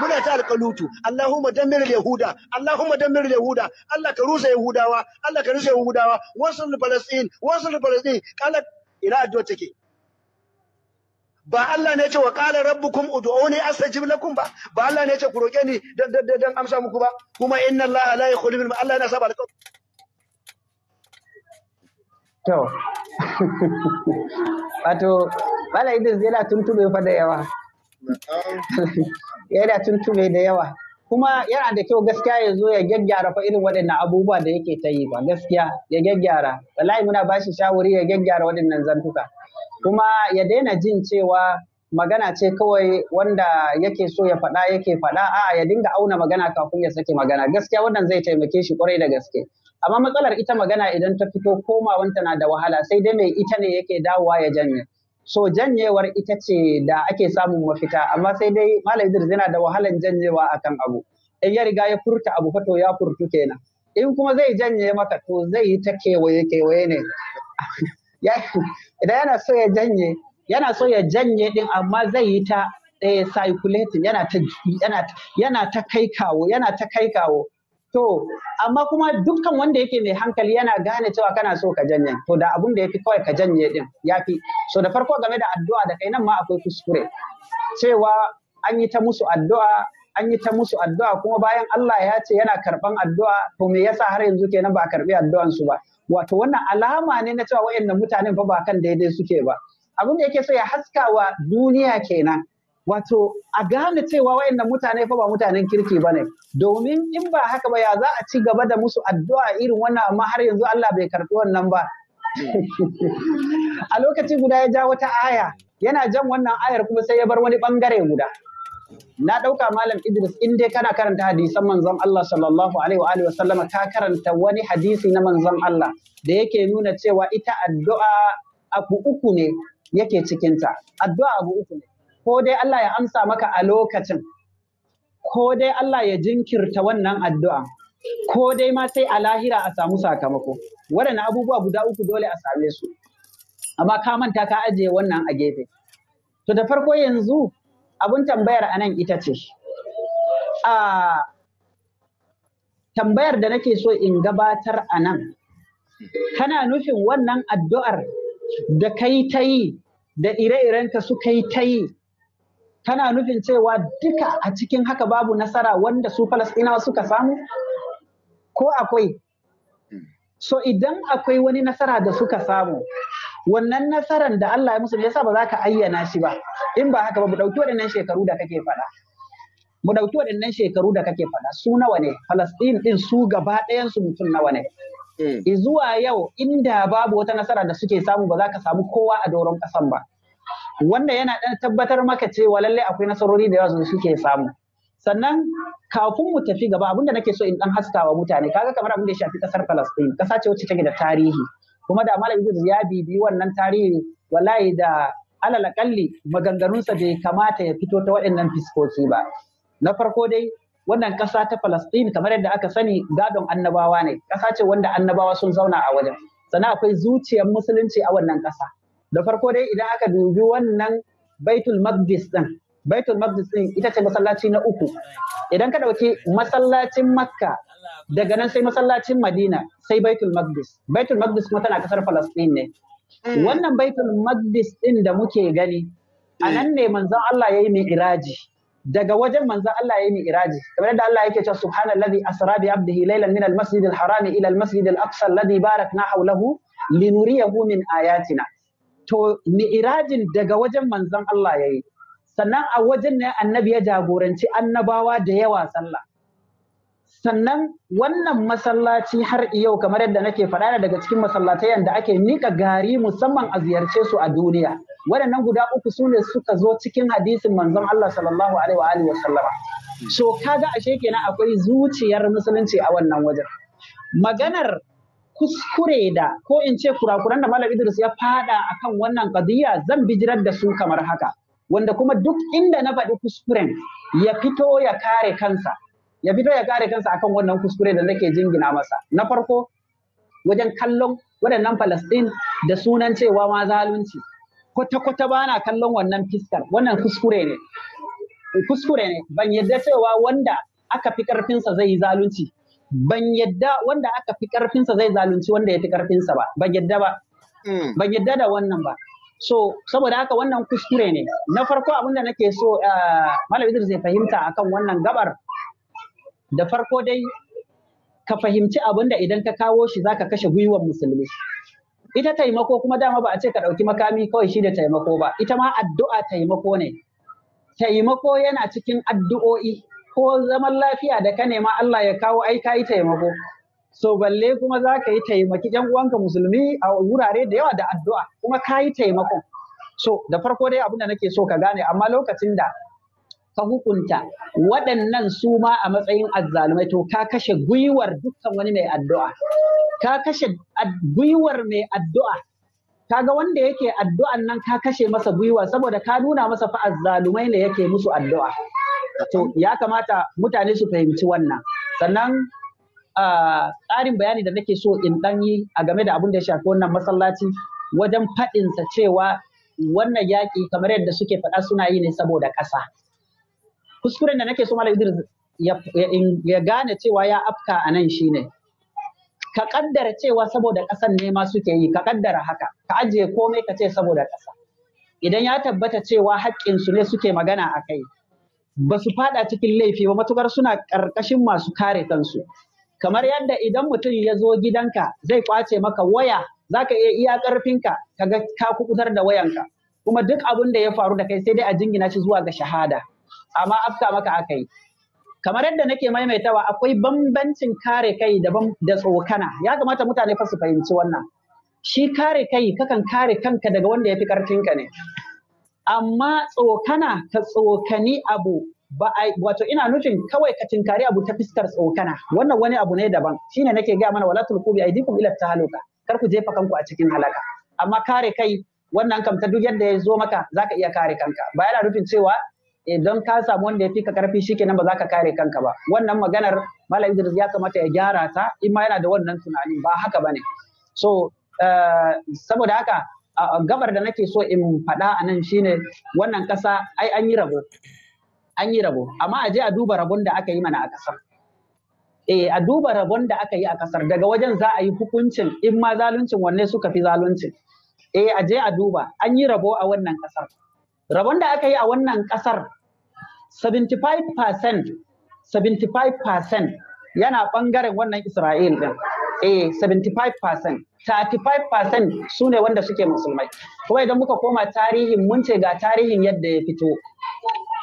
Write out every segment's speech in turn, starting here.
muna ta alƙalutu Allahumma dammir yahuda Allahumma dammir yahuda Allah ka rusa yahudawa Allah ka rusa yahudawa wasul falastin wasul falastin kala ila addu'a take ba Allah ne ce wa qala rabbukum ud'uni astajib lakum ba ba Allah ne ce ku roke ni dan dan amsa muku ba kuma inna Allah la yakhulu al Allah yana saba ka to wato bala idris yana tuntube fa da yawa yana tuntube da yawa kuma yana da kyau gaskiya ya zo ya gyaggyara fa irin waɗannan abubuwa da yake ta yi ba gaskiya ya gyaggyara wallahi muna ba shi shawari ya gyaggyara waɗannan zantuka kuma ya daina jin cewa magana ce kawai wanda yake so ya faɗa yake faɗa a'a ya dinga auna magana kafin ya sake magana gaskiya wannan zai taimake shi kwarai da gaske amma matsalar ita magana idan ta fito komawanta na da wahala sai dai mai ita ne yake dawowa ya janye So janyewar ita ce da ake samun mafita, amma sai dai Malam Idris yana da wahalan janyewa akan abu. In ya riga ya furta abu fa to ya furtu kenan. In kuma zai janye maka to zai yi ta kewaye kewaye ne. Idan yana so ya janye, yana so ya janye din amma zai yi ta eh, circulating yana ta yana ta kai kawo yana ta kai kawo To, amma kuma dukkan wanda yake mai hankali yana gane cewa kana so ka janye. To da abun da yafi kawai ka janye din yafi. So da farko game da addu'a da kai nan ma akwai kuskure. Cewa an yi ta musu addu'a, an yi ta musu addu'a kuma bayan Allah ya ce yana karban addu'a, to me yasa har yanzu kenan ba a karbi addu'an su ba? Wato wannan alama ne na cewa waɗannan mutanen fa ba kan daidai suke ba. Abin da yake so ya haska wa duniya kenan. Wato a gane cewa wayannan mutane fa ba mutanen kirki ba ne, domin in ba haka ba ya za a ci gaba da musu addu'a irin wannan amma har yanzu Allah bai karɓi wannan ba. A lokaci guda ya ja wata aya, yana jan wannan ayar kuma sai ya bar wani ɓangare guda. Na ɗauka Malam Idris in dai kana karanta hadisan manzon Allah sallallahu alaihi wa alihi wasallama ka karanta wani hadisi na manzon Allah da yake nuna cewa ita addu'a abu uku ne yake cikinta. Addu'a abu uku ne. ko dai Allah ya amsa maka a lokacin ko dai Allah ya jinkirta wannan addu'a ko dai ma sai a lahira a samu sakamako waɗannan abubuwa guda uku dole a same su amma ka manta ka ajiye wannan a gefe to da farko yanzu abun tambayar anan ita ce a tambayar da nake so in gabatar a nan kana nufin wannan addu'ar da kai ta yi da ire-irenka suka yi ta yi tana nufin cewa duka a cikin haka babu nasara wanda su Falasɗinawa suka samu? Ko akwai? So idan akwai wani nasara da suka samu, wannan nasaran da Allah ya musu yasa ba za ka ayyana shi ba, in ba haka ba mu ɗauki waɗannan shekaru da kake faɗa. Mu ɗauki waɗannan shekaru da kake faɗa su nawa ne, Falasɗin din su gaba ɗayan su mutum nawa ne. Hmm. Zuwa yau inda babu wata nasara da suke samu ba za ka samu kowa a doron ƙasan ba. wanda yana ɗan tabbatar maka cewa lallai akwai nasarori da yawa suke samu sannan kafin mu tafi gaba abinda nake so in dan haskawa mutane kaga kamar abin da ya shafi kasar Palestine kasa ce wacce take da tarihi kuma da Malam Idris ya bibi wannan tarihi wallahi da alal akalli maganganunsa bai kamata ya fito ta waɗannan fiskoki ba na farko dai wannan kasa ta Palestine kamar yadda aka sani gadon annabawa ne kasa ce wanda annabawa sun zauna a wajen sannan akwai zuciyar musulunci a wannan ƙasa. da farko dai idan aka dubi wannan baitul maqdis din baitul maqdis din ita ce masallaci na uku idan ka dauki masallacin makka daga nan sai masallacin madina sai baitul maqdis baitul maqdis kuma tana kasar falastin ne mm. wannan baitul maqdis din da muke gani a nan ne manzon Allah yayi iraji daga wajen manzon Allah yayi mai iraji kamar yadda Allah yake cewa subhanallazi asra bi abdihi laylan min al-masjid al-harami ila al-masjid aqsa alladhi barakna hawlahu linuriyahu min ayatina to mi'irajin daga wajen manzon Allah ya yi sannan a wajen ne annabi ya jagoranci annabawa da yawa sallah sannan wannan masallaci har yau kamar yadda nake faɗa daga cikin masallatai da ake nika gari musamman a ziyarce su a duniya waɗannan guda uku su ne suka zo cikin hadisin manzon Allah sallallahu alaihi wa alihi wasallama so kaga ashe kenan akwai zuciyar musulunci a wannan wajen maganar kuskure da ko in ce kurakuran da Malam Idris ya fada akan wannan qadiya zan bijirar da su kamar haka wanda kuma duk inda na faɗi kuskuren ya fito ya kare kansa ya fito ya kare kansa akan wannan kuskure da nake jingina masa na farko wajen kallon waɗannan Falastin da sunan cewa ma zalunci kwata-kwata ba na kallon wannan fiskar wannan kuskure ne kuskure ne ban yarda cewa wanda aka fi ƙarfinsa zai yi zalunci ban yadda wanda aka fi karfinsa zai zalunci wanda ya fi karfinsa ba ban yadda ba hmm. ban yadda da wannan ba so saboda haka wannan kuskure ne na farko abinda nake so eh, malam Idris zai fahimta akan wannan gabar da farko dai ka fahimci abinda idan ka kawo shi zaka kashe gwiwar musulmi ita taimako kuma dama ba a ce ka ɗauki makami kawai shi da taimako ba ita ma addu'a taimako ne taimako yana cikin addu'o'i ko zaman lafiya da ka nema Allah ya kawo ai ka yi taimako so balle kuma za ka yi taimaki yan uwanka musulmi a wurare da yawa da addu'a kuma ka yi taimakon so da farko dai abin da nake so ka gane amma lokacin da ka hukunta waɗannan su ma a matsayin azzalumai to ka kashe gwiwar dukkan wani mai addu'a ka kashe gwiwar mai addu'a ga wanda yake addu'an nan ka kashe masa gwiwa saboda ka nuna masa fa azzalumai ne yake musu addu'a To ya kamata mutane su fahimci wannan. Sannan tsarin bayani da nake so in ɗan yi a game da abin da ya shafi wannan masallaci wajen faɗinsa cewa wannan yaƙi kamar yadda suke faɗa suna yi ne saboda ƙasa. Kuskuren da nake so Malam Idris ya gane cewa ya afka a nan shine. Ka kaddara cewa saboda ƙasan ne ma suke yi, ka kaddara haka, ka ajiye komai ka ce saboda ƙasa. Idan ya tabbata cewa haƙƙinsu ne suke magana a kai, ba su fada cikin laifi ba matukar suna ƙarƙashin masu kare kansu kamar yadda idan mutum ya zo gidanka zai kwace maka waya za ka iya iya ƙarfinka ka ga ka kukutar da wayanka kuma duk abin da ya faru da kai sai dai a jingina shi zuwa ga shahada amma afka maka aka yi kamar yadda nake maimaitawa akwai bambancin kare kai da tsokana ya kamata mutane fa su fahimci wannan shi kare kai kakan kare kanka daga wanda ya fi ƙarfinka ne amma tsokana ka tsokani abu ba a wato ina nufin kawai ka tinkari abu ta fiskar tsokana wannan wani abu ne daban shine nake ga mana wala tulku bi aidikum ila tahaluka kar ku jefa kanku a cikin halaka amma kare kai wannan kam ta duk yadda ya zo maka zaka iya kare kanka ba yana nufin cewa idan ka samu wanda ya fi ka karfi shikenan ba za ka kare kanka ba wannan maganar malam Idris ya kamata ya gyara ta in ma yana da wannan tunanin ba haka bane so eh, saboda haka gabar da nake so in faɗa a nan shine wannan ƙasa ai an yi rabo an yi rabo amma a je a duba rabon da aka yi mana a ƙasar eh a duba rabon da aka yi a ƙasar daga wajen za a yi hukuncin in ma zaluncin wanne suka fi zaluncin eh a je a duba an yi rabo a wannan ƙasar rabon da aka yi a wannan ƙasar 75% 75% yana ɓangaren wannan Isra'il ɗin eh 75% 35% su ne wanda suke musulmai kuma idan muka koma tarihin mun ce ga tarihin yadda ya fito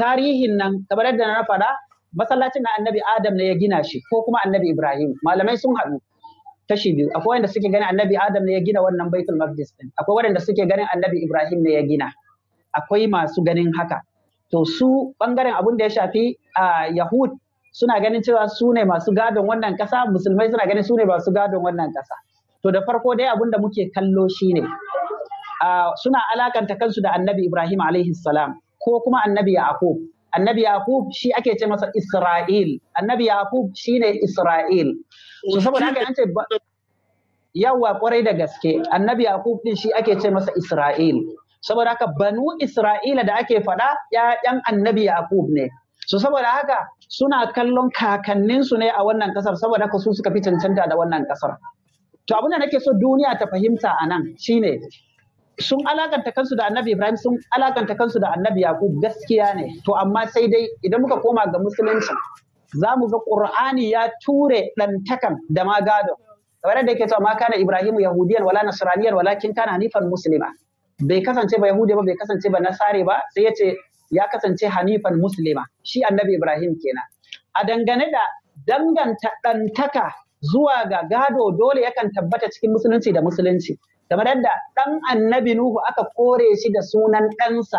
tarihin nan kamar yadda na faɗa masallacin na annabi adam ne ya gina shi ko kuma annabi ibrahim malamai sun haɗu tashi biyu akwai wanda suke ganin annabi adam ne ya gina wannan baitul maqdis din akwai wanda suke ganin annabi ibrahim ne ya gina akwai masu ganin haka to su bangaren abun da ya shafi a yahud suna ganin cewa su ne masu gadon wannan kasa musulmai suna ganin su ne masu gadon wannan kasa To da farko dai abin da muke kallo shine suna alakanta kansu da Annabi Ibrahim alaihi salam ko kuma Annabi Yaqub. Annabi Yaqub shi ake ce masa Isra'il. Annabi Yaqub shine Isra'il. So saboda haka an ce yawa kwarai da gaske Annabi Yaqub din shi ake ce masa Isra'il. Saboda haka banu Isra'ila da ake faɗa ‘ya'yan Annabi Yaqub ne. So saboda haka suna kallon kakanninsu ne a wannan ƙasar saboda haka su suka fi cancanta da wannan ƙasar. to abin da nake so duniya ta fahimta a nan ne sun alakanta kansu da annabi ibrahim sun alakanta kansu da annabi yaqub gaskiya ne to amma sai dai idan muka koma ga musulunci za mu ga qur'ani ya ture ɗantakan da ma gado kamar da yake cewa ma kana ibrahimu yahudiyan wala nasraniyan walakin kana hanifan muslima bai kasance ba yahudi ba bai kasance ba nasare ba sai yace ya kasance hanifan muslima shi annabi ibrahim kenan a dangane da danganta ɗantaka zuwa ga gado dole yakan tabbata cikin musulunci da musulunci kamar yadda ɗan annabi nuhu aka kore shi da sunan ɗansa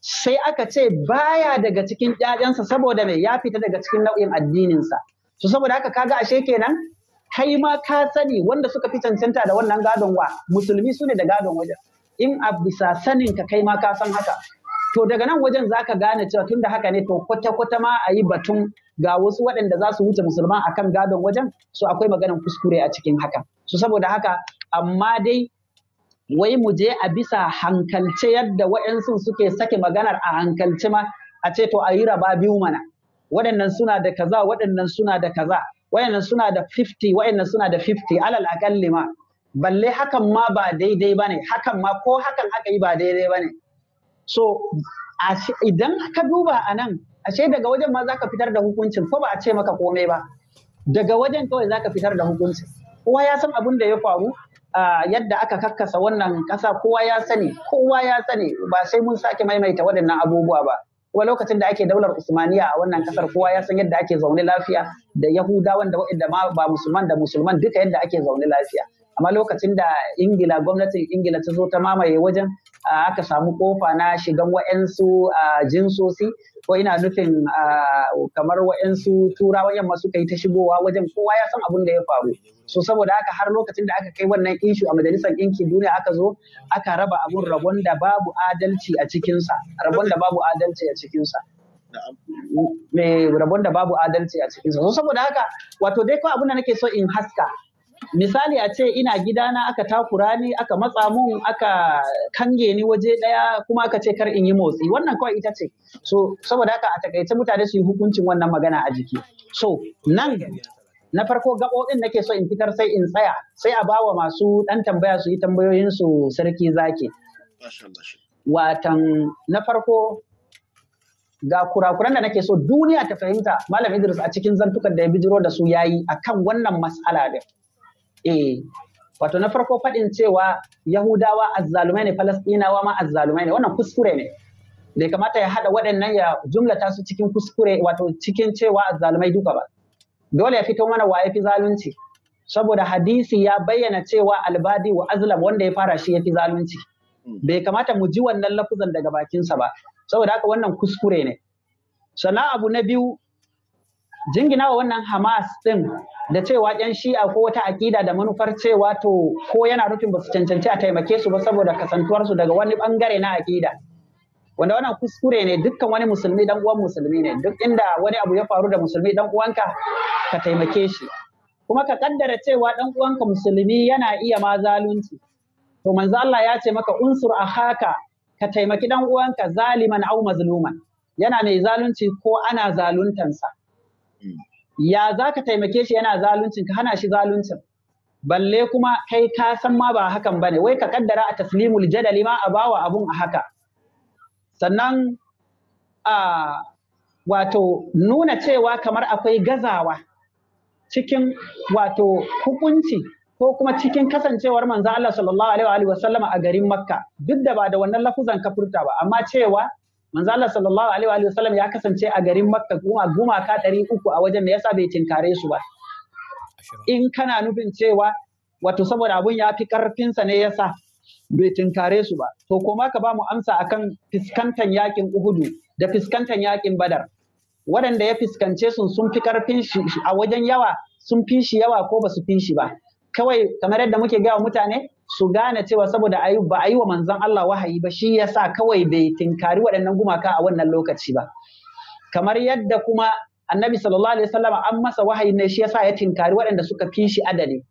sai aka ce baya daga cikin ƴaƴansa saboda mai ya fita daga cikin nau'in addininsa to saboda haka kaga ashe kenan kai ma ka sani wanda suka fi cancanta da wannan gadon wa musulmi su ne da gadon wajen in a bisa sanin ka kai ma ka san haka To daga nan wajen za ka gane cewa tun da haka ne to kwata-kwata ma a yi batun ga wasu waɗanda za su wuce musulman a kan gadon wajen so akwai maganan kuskure a cikin haka. So saboda haka amma dai wai mu je a bisa hankalce yadda waɗansu suke sake maganar a hankalce ma a ce to a yi raba biyu mana. Waɗannan suna da kaza, waɗannan suna da kaza, waɗannan suna da 50, waɗannan suna da 50 alal aƙalli ma. Balle hakan ma ba daidai ba hakan ma ko hakan aka yi ba daidai bane so idan ka duba a nan ashe daga wajen ma zaka fitar da hukuncin ko ba a ce maka komai ba daga wajen kawai zaka fitar da hukuncin kowa ya san abin da ya faru yadda aka kakkasa wannan ƙasa kowa ya sani kowa ya sani ba sai mun sake maimaita waɗannan abubuwa ba kuma lokacin da ake daular usmaniya a wannan kasar kowa ya san yadda ake zaune lafiya da yahudawan da waɗanda ma ba musulman da musulman duka yadda ake zaune lafiya amma lokacin da ingila gwamnatin ingila ta zo ta mamaye wajen aka samu kofa na shigan wa'yansu jinsosi ko ina nufin kamar wa'yansu turawa, yamma suka yi ta shigowa wajen kowa ya san abin da ya faru so saboda haka har lokacin da aka kai wannan inshu a majalisar inki duniya aka zo aka raba abun rabon da babu adalci a cikinsa rabon da babu adalci a cikinsa mai rabon da babu adalci a cikinsa so saboda haka wato dai kawai abin da nake so in haska misali a ce ina gidana aka takura ni aka matsa mun aka kange ni waje daya kuma aka ce kar in yi motsi wannan kawai ita ce so saboda haka a takaice mutane su yi hukuncin wannan magana a jiki so nan na farko gaɓoɓin nake so in fitar sai in tsaya sai a bawa masu ɗan tambaya su yi tambayoyin su sarki zaki watan na farko ga kurakuran da nake so duniya ta fahimta malam Idris a cikin zantukan da ya bijiro da su yayi akan wannan matsala din eh wato na farko faɗin cewa yahudawa azzalumai ne Falasɗinawa ma azzalumai ne wannan kuskure ne bai kamata ya haɗa waɗannan ya jumlata su cikin kuskure wato cikin cewa azzalumai duka ba dole ya fito mana wa fi zalunci saboda hadisi ya bayyana cewa albadi wa azlam wanda ya fara shi ya fi zalunci bai kamata mu ji wannan lafuzan daga bakinsa ba saboda haka wannan kuskure ne sannan abu na biyu Jinginawa wannan Hamas ɗin da cewa yan shi'a ko wata akida da manufar cewa to ko yana rufin ba su cancanci a taimake su ba saboda kasantuwarsu daga wani ɓangare na akida Wanda wannan kuskure ne dukkan wani musulmi dan uwan musulmi ne duk inda wani abu ya faru da musulmi dan uwanka ka taimake shi. Kuma ka kaddara cewa dan uwanka musulmi yana iya ma zalunci. To manzo Allah ya ce maka unsur haka, ka taimaki dan uwanka zaliman au mazluman. Yana mai zalunci ko ana zaluntansa. ya za ka taimake shi yana zaluncin ka hana shi zaluncin balle kuma kai ka san ma ba hakan bane wai ka kaddara a taslimul jadali ma a bawa abun a haka sannan a wato nuna cewa kamar akwai gazawa cikin wato hukunci ko kuma cikin kasancewar manzo Allah sallallahu alaihi wa sallama a garin Makka duk da ba da wannan lafuzan ka furta ba amma cewa manzo Allah sallallahu alaihi wa sallam ya kasance a garin Makka kuma gumaka ɗari uku a wajen da yasa bai tinkare su ba in kana nufin cewa wato saboda abun ya fi karfinsa ne yasa bai tinkare su ba to koma ka ba mu amsa akan fiskantan yakin Uhudu da fiskantan yakin Badar waɗanda ya fiskance su sun fi karfin shi a wajen yawa sun fi shi yawa ko ba su fi shi ba kawai kamar yadda muke gaya wa mutane su gane cewa saboda ba a yi wa manzan Allah wahayi ba shi yasa kawai bai tinkari waɗannan gumaka a wannan lokaci ba kamar yadda kuma annabi sallallahu alaihi wasallam an masa wahayi ne shi yasa ya tinkari waɗanda suka fi shi adali